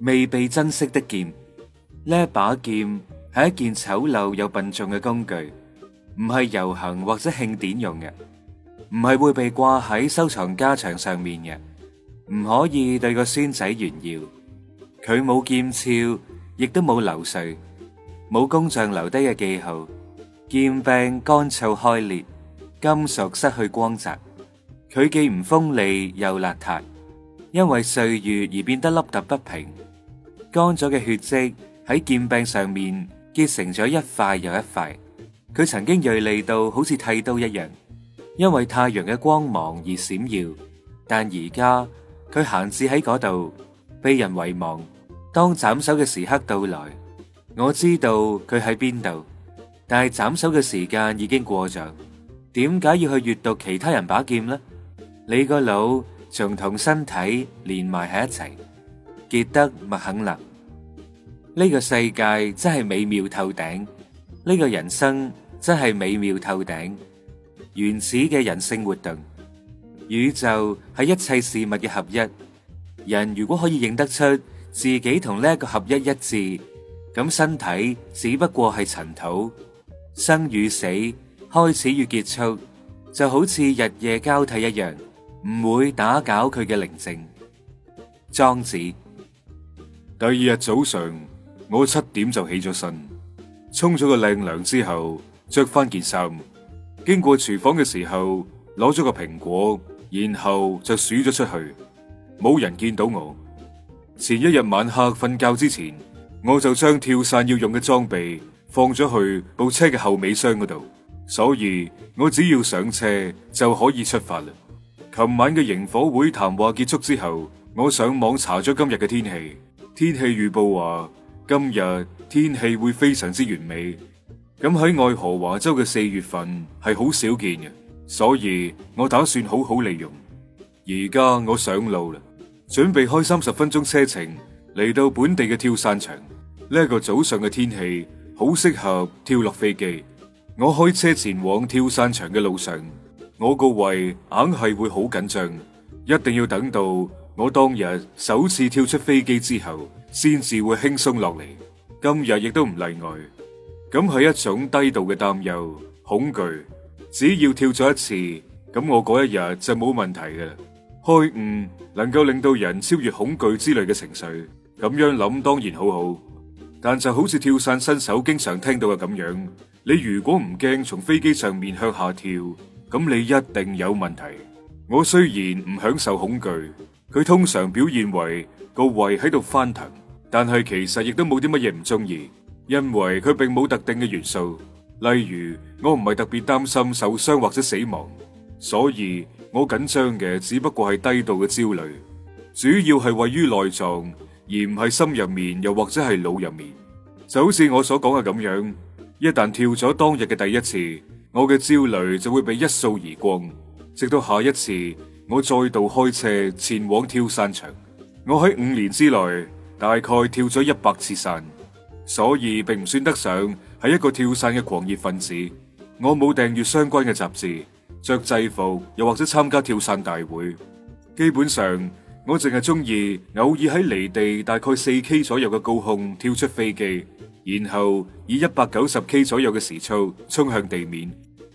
未被珍惜的劍，呢一把劍係一件醜陋又笨重嘅工具，唔係遊行或者慶典用嘅，唔係會被掛喺收藏家牆上面嘅，唔可以對個孫仔炫耀。佢冇劍鞘，亦都冇流蘇，冇工匠留低嘅記號，劍柄乾燥開裂，金屬失去光澤。佢既唔鋒利又邋遢，因為歲月而變得凹凸不平。乾咗嘅血跡喺劍柄上面結成咗一塊又一塊，佢曾經銳利到好似剃刀一樣，因為太陽嘅光芒而閃耀。但而家佢閒置喺嗰度，被人遺忘。當斬首嘅時刻到來，我知道佢喺邊度，但係斬首嘅時間已經過咗。點解要去閱讀其他人把劍呢？你個腦仲同身體連埋喺一齊。傑德麥肯納，呢個世界真係美妙透頂，呢個人生真係美妙透頂。原始嘅人性活動，宇宙係一切事物嘅合一。人如果可以認得出自己同呢一個合一一致，咁身體只不過係塵土，生與死開始與結束就好似日夜交替一樣，唔會打攪佢嘅寧靜。莊子。第二日早上，我七點就起咗身，沖咗個靚涼之後，着返件衫，經過廚房嘅時候，攞咗個蘋果，然後就鼠咗出去，冇人見到我。前一日晚黑瞓覺之前，我就將跳傘要用嘅裝備放咗去部車嘅後尾箱嗰度，所以我只要上車就可以出發啦。琴晚嘅營火會談話結束之後，我上網查咗今日嘅天氣。天氣預報話今日天，天氣會非常之完美，咁喺愛荷華州嘅四月份係好少見嘅，所以我打算好好利用。而家我上路啦，準備開三十分鐘車程嚟到本地嘅跳傘場。呢、這個早上嘅天氣好適合跳落飛機。我開車前往跳傘場嘅路上，我個胃硬係會好緊張，一定要等到。我當日首次跳出飛機之後，先至會輕鬆落嚟。今日亦都唔例外。咁係一種低度嘅擔憂恐懼。只要跳咗一次，咁我嗰一日就冇問題嘅啦。開悟能夠令到人超越恐懼之類嘅情緒，咁樣諗當然好好。但就好似跳傘新手經常聽到嘅咁樣，你如果唔驚從飛機上面向下跳，咁你一定有問題。我雖然唔享受恐懼。佢通常表現為個胃喺度翻騰，但係其實亦都冇啲乜嘢唔中意，因為佢並冇特定嘅元素。例如，我唔係特別擔心受傷或者死亡，所以我緊張嘅只不過係低度嘅焦慮，主要係位於內臟，而唔係心入面，又或者係腦入面。就好似我所講嘅咁樣，一旦跳咗當日嘅第一次，我嘅焦慮就會被一掃而光，直到下一次。我再度開車前往跳傘場。我喺五年之內大概跳咗一百次傘，所以並唔算得上係一個跳傘嘅狂熱分子。我冇訂閱相關嘅雜誌，着制服又或者參加跳傘大會。基本上，我淨係中意偶爾喺離地大概四 k 左右嘅高空跳出飛機，然後以一百九十 k 左右嘅時速衝向地面。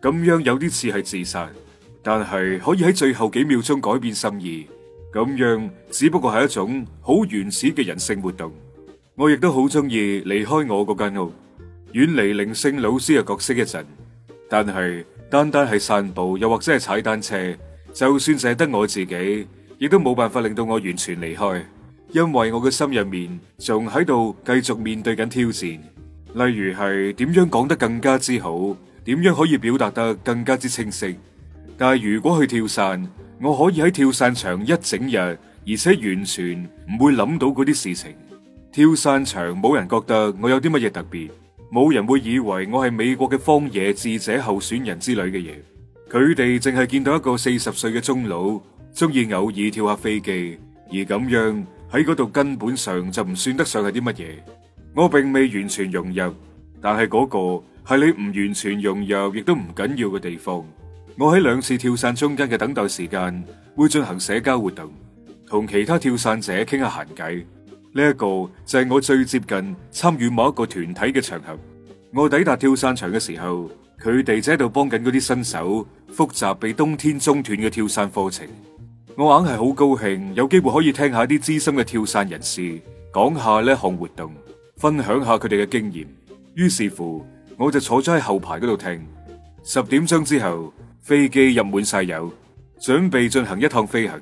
咁樣有啲似係自殺。但係可以喺最後幾秒鐘改變心意，咁樣只不過係一種好原始嘅人性活動。我亦都好中意離開我嗰間屋，遠離靈性老師嘅角色一陣。但係單單係散步，又或者係踩單車，就算淨係得我自己，亦都冇辦法令到我完全離開，因為我嘅心入面仲喺度繼續面對緊挑戰，例如係點樣講得更加之好，點樣可以表達得更加之清晰。但係如果去跳傘，我可以喺跳傘場一整日，而且完全唔會諗到嗰啲事情。跳傘場冇人覺得我有啲乜嘢特別，冇人會以為我係美國嘅荒野智者候選人之類嘅嘢。佢哋淨係見到一個四十歲嘅中老，鍾意偶爾跳下飛機，而咁樣喺嗰度根本上就唔算得上係啲乜嘢。我並未完全融入，但係嗰個係你唔完全融入，亦都唔緊要嘅地方。我喺兩次跳傘中間嘅等待時間，會進行社交活動，同其他跳傘者傾下閒偈。呢一個就係我最接近參與某一個團體嘅場合。我抵達跳傘場嘅時候，佢哋就喺度幫緊嗰啲新手復習被冬天中斷嘅跳傘課程。我硬係好高興有機會可以聽下啲資深嘅跳傘人士講下呢項活動，分享下佢哋嘅經驗。於是乎，我就坐咗喺後排嗰度聽。十點鐘之後。飛機入滿晒油，準備進行一趟飛行。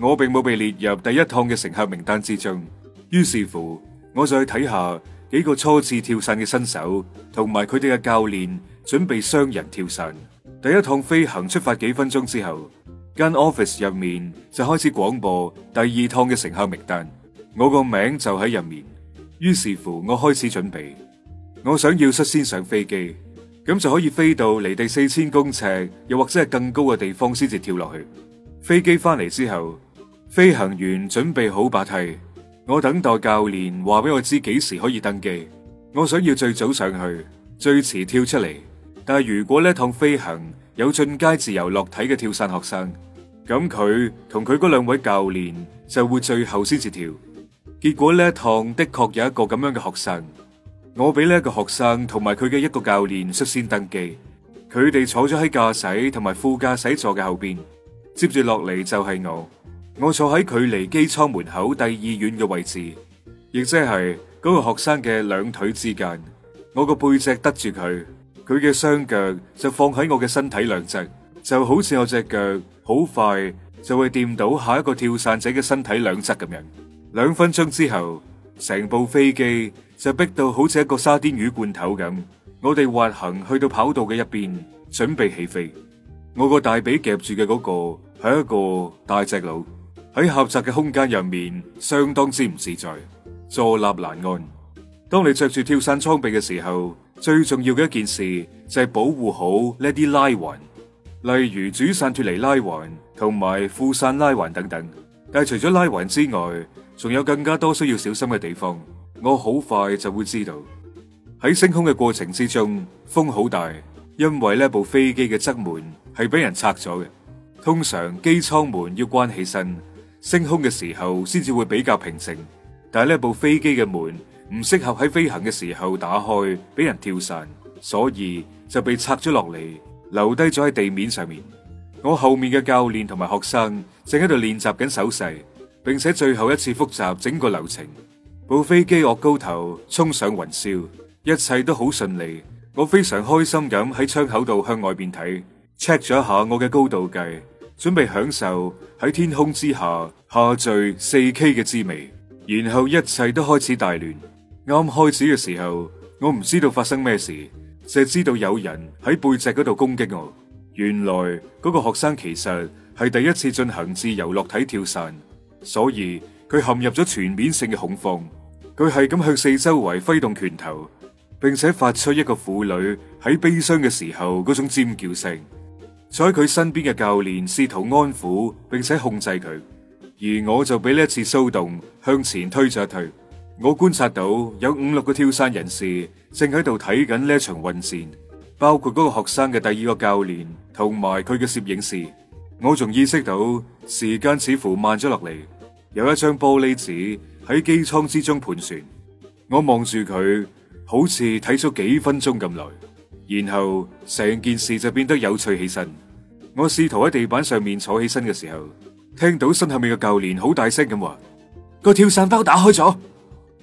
我並冇被列入第一趟嘅乘客名單之中。於是乎，我就去睇下幾個初次跳傘嘅新手，同埋佢哋嘅教練準備雙人跳傘。第一趟飛行出發幾分鐘之後，間 office 入面就開始廣播第二趟嘅乘客名單。我個名就喺入面。於是乎，我開始準備。我想要率先上飛機。咁就可以飛到離地四千公尺，又或者係更高嘅地方先至跳落去。飛機翻嚟之後，飛行員準備好把梯，我等待教練話俾我知幾時可以登機。我想要最早上去，最遲跳出嚟。但係如果呢趟飛行有進階自由落體嘅跳傘學生，咁佢同佢嗰兩位教練就會最後先至跳。結果呢一趟的確有一個咁樣嘅學生。我俾呢一個學生同埋佢嘅一個教練率先登機，佢哋坐咗喺駕駛同埋副駕駛座嘅後邊。接住落嚟就係我，我坐喺距離機艙門口第二遠嘅位置，亦即係嗰個學生嘅兩腿之間。我個背脊得住佢，佢嘅雙腳就放喺我嘅身體兩側，就好似我隻腳好快就會掂到下一個跳傘者嘅身體兩側咁樣。兩分鐘之後，成部飛機。就逼到好似一個沙甸魚罐頭咁，我哋滑行去到跑道嘅一邊，準備起飛。我個大髀夾住嘅嗰個係一個大隻佬，喺狹窄嘅空間入面，相當之唔自在，坐立難安。當你着住跳傘裝備嘅時候，最重要嘅一件事就係保護好呢啲拉環，例如主傘脫離拉環同埋副傘拉環等等。但係除咗拉環之外，仲有更加多需要小心嘅地方。我好快就會知道，喺升空嘅過程之中，風好大，因為呢部飛機嘅側門係俾人拆咗嘅。通常機艙門要關起身，升空嘅時候先至會比較平靜。但係呢部飛機嘅門唔適合喺飛行嘅時候打開，俾人跳傘，所以就被拆咗落嚟，留低咗喺地面上面。我後面嘅教練同埋學生正喺度練習緊手勢，並且最後一次複習整個流程。部飛機我高頭衝上雲霄，一切都好順利，我非常開心咁喺窗口度向外邊睇，check 咗一下我嘅高度計，準備享受喺天空之下下墜四 K 嘅滋味。然後一切都開始大亂，啱開始嘅時候我唔知道發生咩事，淨係知道有人喺背脊嗰度攻擊我。原來嗰個學生其實係第一次進行自由落體跳傘，所以佢陷入咗全面性嘅恐慌。佢係咁向四周圍揮動拳頭，並且發出一個婦女喺悲傷嘅時候嗰種尖叫聲。坐喺佢身邊嘅教練試圖安撫並且控制佢，而我就俾呢次騷動向前推咗一推。我觀察到有五六個跳山人士正喺度睇緊呢場混戰，包括嗰個學生嘅第二個教練同埋佢嘅攝影師。我仲意識到時間似乎慢咗落嚟，有一張玻璃紙。喺機艙之中盤旋，我望住佢，好似睇咗幾分鐘咁耐，然後成件事就變得有趣起身。我試圖喺地板上面坐起身嘅時候，聽到身後面嘅教練好大聲咁話：個跳傘包打開咗，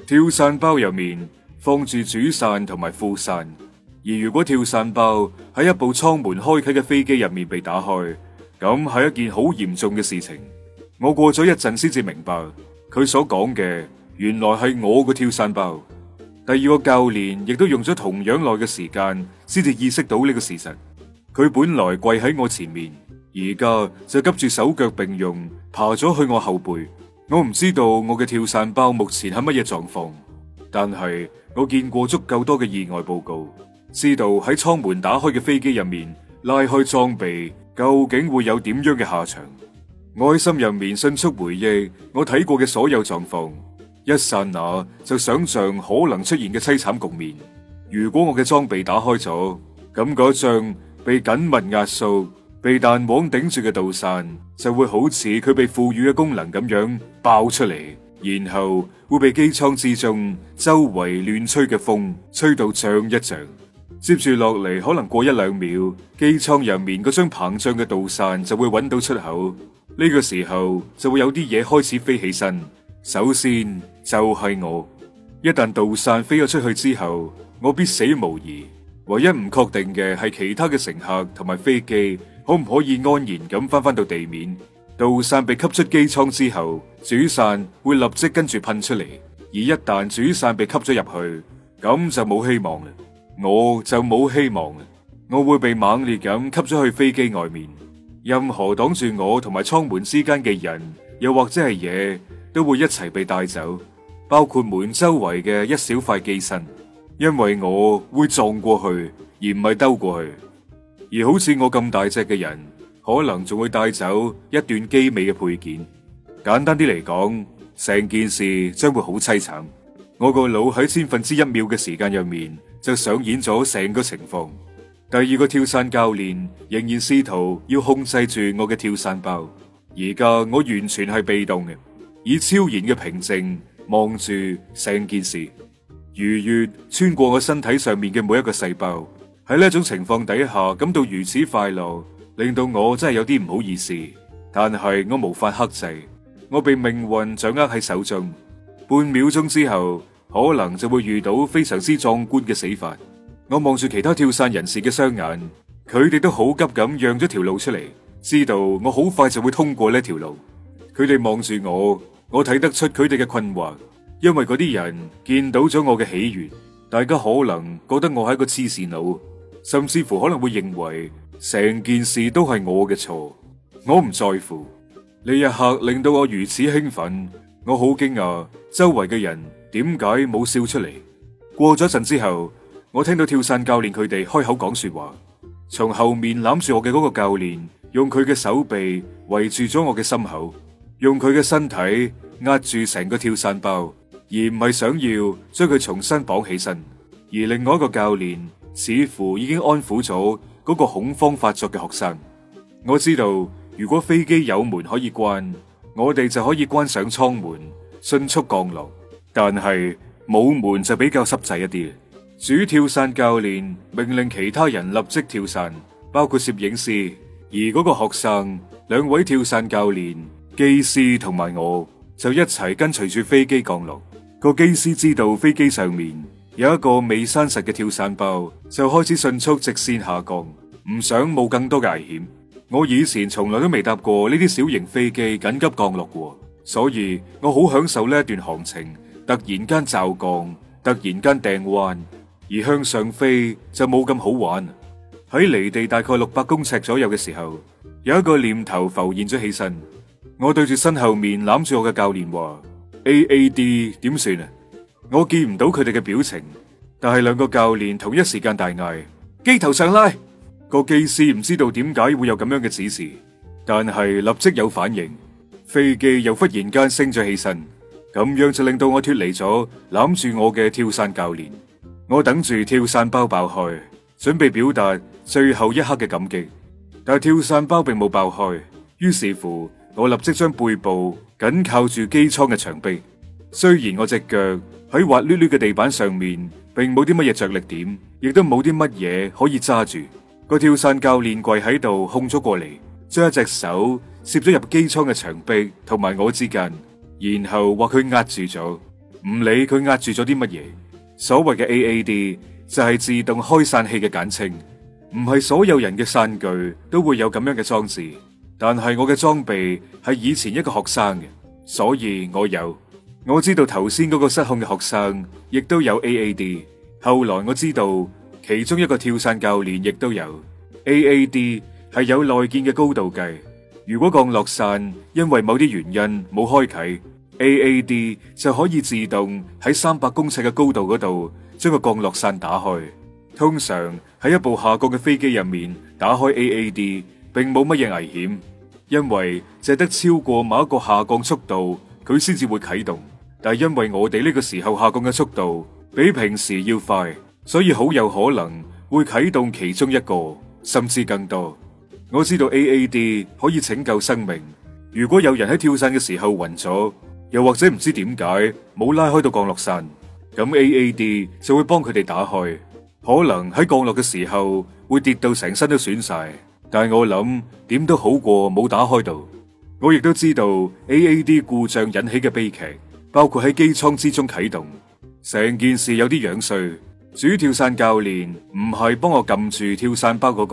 跳傘包入面放住主傘同埋副傘，而如果跳傘包喺一部艙門開啟嘅飛機入面被打開，咁係一件好嚴重嘅事情。我過咗一陣先至明白。佢所講嘅原來係我嘅跳傘包，第二個教練亦都用咗同樣耐嘅時間先至意識到呢個事實。佢本來跪喺我前面，而家就急住手腳並用爬咗去我後背。我唔知道我嘅跳傘包目前係乜嘢狀況，但係我見過足夠多嘅意外報告，知道喺艙門打開嘅飛機入面拉開裝備，究竟會有點樣嘅下場。我喺心入面迅速回憶我睇過嘅所有狀況，一剎那就想象可能出現嘅淒慘局面。如果我嘅裝備打開咗，咁嗰張被緊密壓縮、被彈簧頂住嘅導傘就會好似佢被賦予嘅功能咁樣爆出嚟，然後會被機艙之中周圍亂吹嘅風吹到脹一脹。接住落嚟，可能過一兩秒，機艙入面嗰張膨脹嘅導傘就會揾到出口。呢個時候就會有啲嘢開始飛起身。首先就係、是、我，一旦導傘飛咗出去之後，我必死無疑。唯一唔確定嘅係其他嘅乘客同埋飛機可唔可以安然咁翻返到地面。導傘被吸出機艙之後，主傘會立即跟住噴出嚟。而一旦主傘被吸咗入去，咁就冇希望啦。我就冇希望啦。我會被猛烈咁吸咗去飛機外面。任何擋住我同埋艙門之間嘅人，又或者係嘢，都會一齊被帶走，包括門周圍嘅一小塊機身，因為我會撞過去，而唔係兜過去，而好似我咁大隻嘅人，可能仲會帶走一段機尾嘅配件。簡單啲嚟講，成件事將會好淒慘。我個腦喺千分之一秒嘅時間入面就上演咗成個情況。第二個跳傘教練仍然試圖要控制住我嘅跳傘包，而家我完全係被動嘅，以超然嘅平靜望住成件事，愉悅穿過我身體上面嘅每一個細胞。喺呢一種情況底下，感到如此快樂，令到我真係有啲唔好意思，但係我無法克制，我被命運掌握喺手中。半秒鐘之後，可能就會遇到非常之壯觀嘅死法。我望住其他跳傘人士嘅雙眼，佢哋都好急咁讓咗條路出嚟，知道我好快就會通過呢條路。佢哋望住我，我睇得出佢哋嘅困惑，因為嗰啲人見到咗我嘅喜悅，大家可能覺得我係一個痴線佬，甚至乎可能會認為成件事都係我嘅錯。我唔在乎。呢一刻令到我如此興奮，我好驚訝周圍嘅人點解冇笑出嚟。過咗一陣之後。我聽到跳傘教練佢哋開口講說話，從後面攬住我嘅嗰個教練，用佢嘅手臂圍住咗我嘅心口，用佢嘅身體壓住成個跳傘包，而唔係想要將佢重新綁起身。而另外一個教練似乎已經安撫咗嗰個恐慌發作嘅學生。我知道如果飛機有門可以關，我哋就可以關上艙門，迅速降落。但係冇門就比較濕滯一啲。主跳傘教練命令其他人立即跳傘，包括攝影師。而嗰個學生、兩位跳傘教練、機師同埋我就一齊跟隨住飛機降落。個機師知道飛機上面有一個未閂實嘅跳傘包，就開始迅速直線下降，唔想冒更多危險。我以前從來都未搭過呢啲小型飛機緊急降落過，所以我好享受呢一段航程。突然間驟降，突然間掟彎。而向上飛就冇咁好玩。喺離地大概六百公尺左右嘅時候，有一個念頭浮現咗起身。我對住身後面攬住我嘅教練話：AAD，點算啊？我見唔到佢哋嘅表情，但係兩個教練同一時間大嗌，機頭上拉。個技師唔知道點解會有咁樣嘅指示，但係立即有反應，飛機又忽然間升咗起身，咁樣就令到我脫離咗攬住我嘅跳傘教練。我等住跳傘包爆開，準備表達最後一刻嘅感激，但係跳傘包並冇爆開，於是乎我立即將背部緊靠住機艙嘅牆壁。雖然我隻腳喺滑溜溜嘅地板上面，並冇啲乜嘢着力點，亦都冇啲乜嘢可以揸住。個跳傘教練跪喺度控咗過嚟，將一隻手攝咗入機艙嘅牆壁同埋我之間，然後話佢壓住咗，唔理佢壓住咗啲乜嘢。所謂嘅 A A D 就係自動開傘器嘅簡稱，唔係所有人嘅傘具都會有咁樣嘅裝置。但係我嘅裝備係以前一個學生嘅，所以我有。我知道頭先嗰個失控嘅學生亦都有 A A D。後來我知道其中一個跳傘教練亦都有 A A D，係有內建嘅高度計。如果降落傘因為某啲原因冇開啟。A A D 就可以自動喺三百公尺嘅高度嗰度將個降落傘打開。通常喺一部下降嘅飛機入面打開 A A D，並冇乜嘢危險，因為淨得超過某一個下降速度佢先至會啟動。但係因為我哋呢個時候下降嘅速度比平時要快，所以好有可能會啟動其中一個，甚至更多。我知道 A A D 可以拯救生命，如果有人喺跳傘嘅時候暈咗。又或者唔知點解冇拉開到降落傘，咁 A A D 就會幫佢哋打開。可能喺降落嘅時候會跌到成身都損晒，但係我諗點都好過冇打開到。我亦都知道 A A D 故障引起嘅悲劇，包括喺機艙之中啟動。成件事有啲樣衰。主跳傘教練唔係幫我撳住跳傘包嗰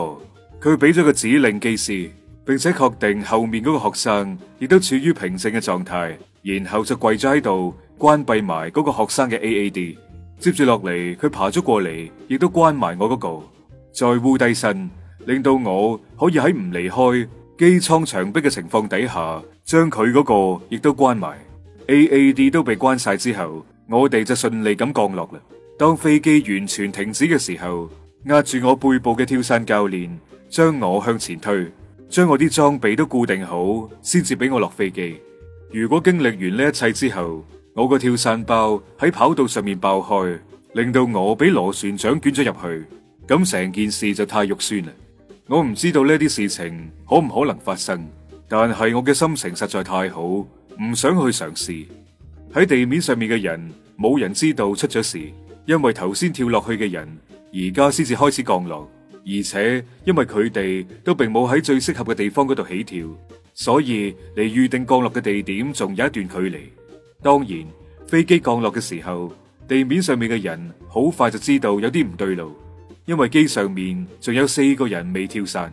個，佢俾咗個指令機師，並且確定後面嗰個學生亦都處於平靜嘅狀態。然後就跪咗喺度，關閉埋嗰個學生嘅 A A D。接住落嚟，佢爬咗過嚟，亦都關埋我嗰、嗰個，再俯低身，令到我可以喺唔離開機艙牆壁嘅情況底下，將佢嗰個亦都關埋。A A D 都被關晒之後，我哋就順利咁降落啦。當飛機完全停止嘅時候，壓住我背部嘅跳傘教練將我向前推，將我啲裝備都固定好，先至俾我落飛機。如果經歷完呢一切之後，我個跳傘包喺跑道上面爆開，令到我俾螺旋槳捲咗入去，咁成件事就太肉酸啦。我唔知道呢啲事情可唔可能發生，但係我嘅心情實在太好，唔想去嘗試。喺地面上面嘅人，冇人知道出咗事，因為頭先跳落去嘅人，而家先至開始降落，而且因為佢哋都並冇喺最適合嘅地方嗰度起跳。所以離預定降落嘅地點仲有一段距離。當然，飛機降落嘅時候，地面上面嘅人好快就知道有啲唔對路，因為機上面仲有四個人未跳傘。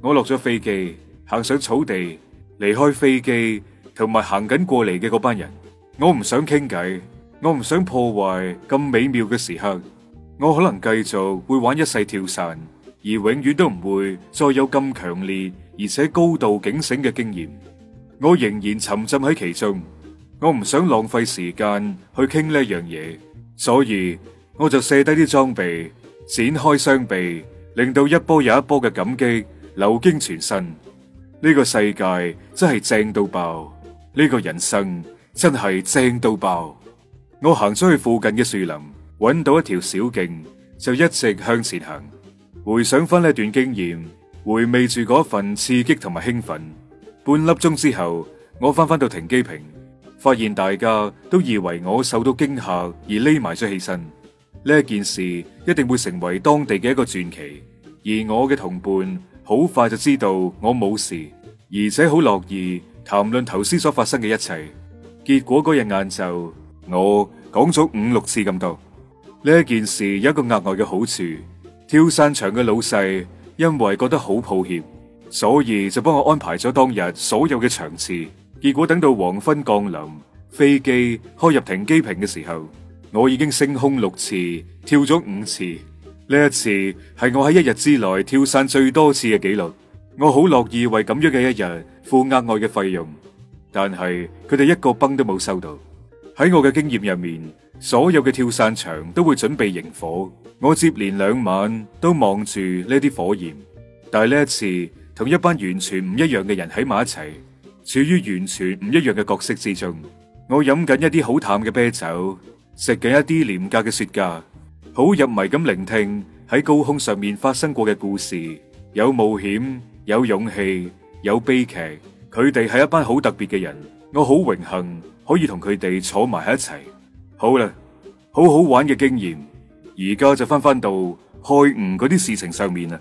我落咗飛機，行上草地，離開飛機，同埋行緊過嚟嘅嗰班人。我唔想傾偈，我唔想破壞咁美妙嘅時刻。我可能繼續會玩一世跳傘。而永遠都唔會再有咁強烈而且高度警醒嘅經驗，我仍然沉浸喺其中。我唔想浪費時間去傾呢樣嘢，所以我就卸低啲裝備，展開雙臂，令到一波又一波嘅感激流經全身。呢個世界真係正到爆，呢個人生真係正到爆。我行咗去附近嘅樹林，搵到一條小徑，就一直向前行。回想翻呢段經驗，回味住嗰份刺激同埋興奮。半粒鐘之後，我翻返到停機坪，發現大家都以為我受到驚嚇而匿埋咗起身。呢件事一定會成為當地嘅一個傳奇。而我嘅同伴好快就知道我冇事，而且好樂意談論頭先所發生嘅一切。結果嗰日晏晝，我講咗五六次咁多。呢件事有一個額外嘅好處。跳傘場嘅老細，因為覺得好抱歉，所以就幫我安排咗當日所有嘅場次。結果等到黃昏降臨，飛機開入停機坪嘅時候，我已經升空六次，跳咗五次。呢一次係我喺一日之內跳傘最多次嘅紀錄。我好樂意為咁樣嘅一日付額外嘅費用，但係佢哋一個崩都冇收到。喺我嘅經驗入面，所有嘅跳傘場都會準備營火。我接連兩晚都望住呢啲火焰，但係呢一次同一班完全唔一樣嘅人喺埋一齊，處於完全唔一樣嘅角色之中。我飲緊一啲好淡嘅啤酒，食緊一啲廉價嘅雪茄，好入迷咁聆聽喺高空上面發生過嘅故事，有冒險，有勇氣，有悲劇。佢哋係一班好特別嘅人，我好榮幸，可以同佢哋坐埋一齊。好啦，好好玩嘅經驗，而家就翻返到開悟嗰啲事情上面啦。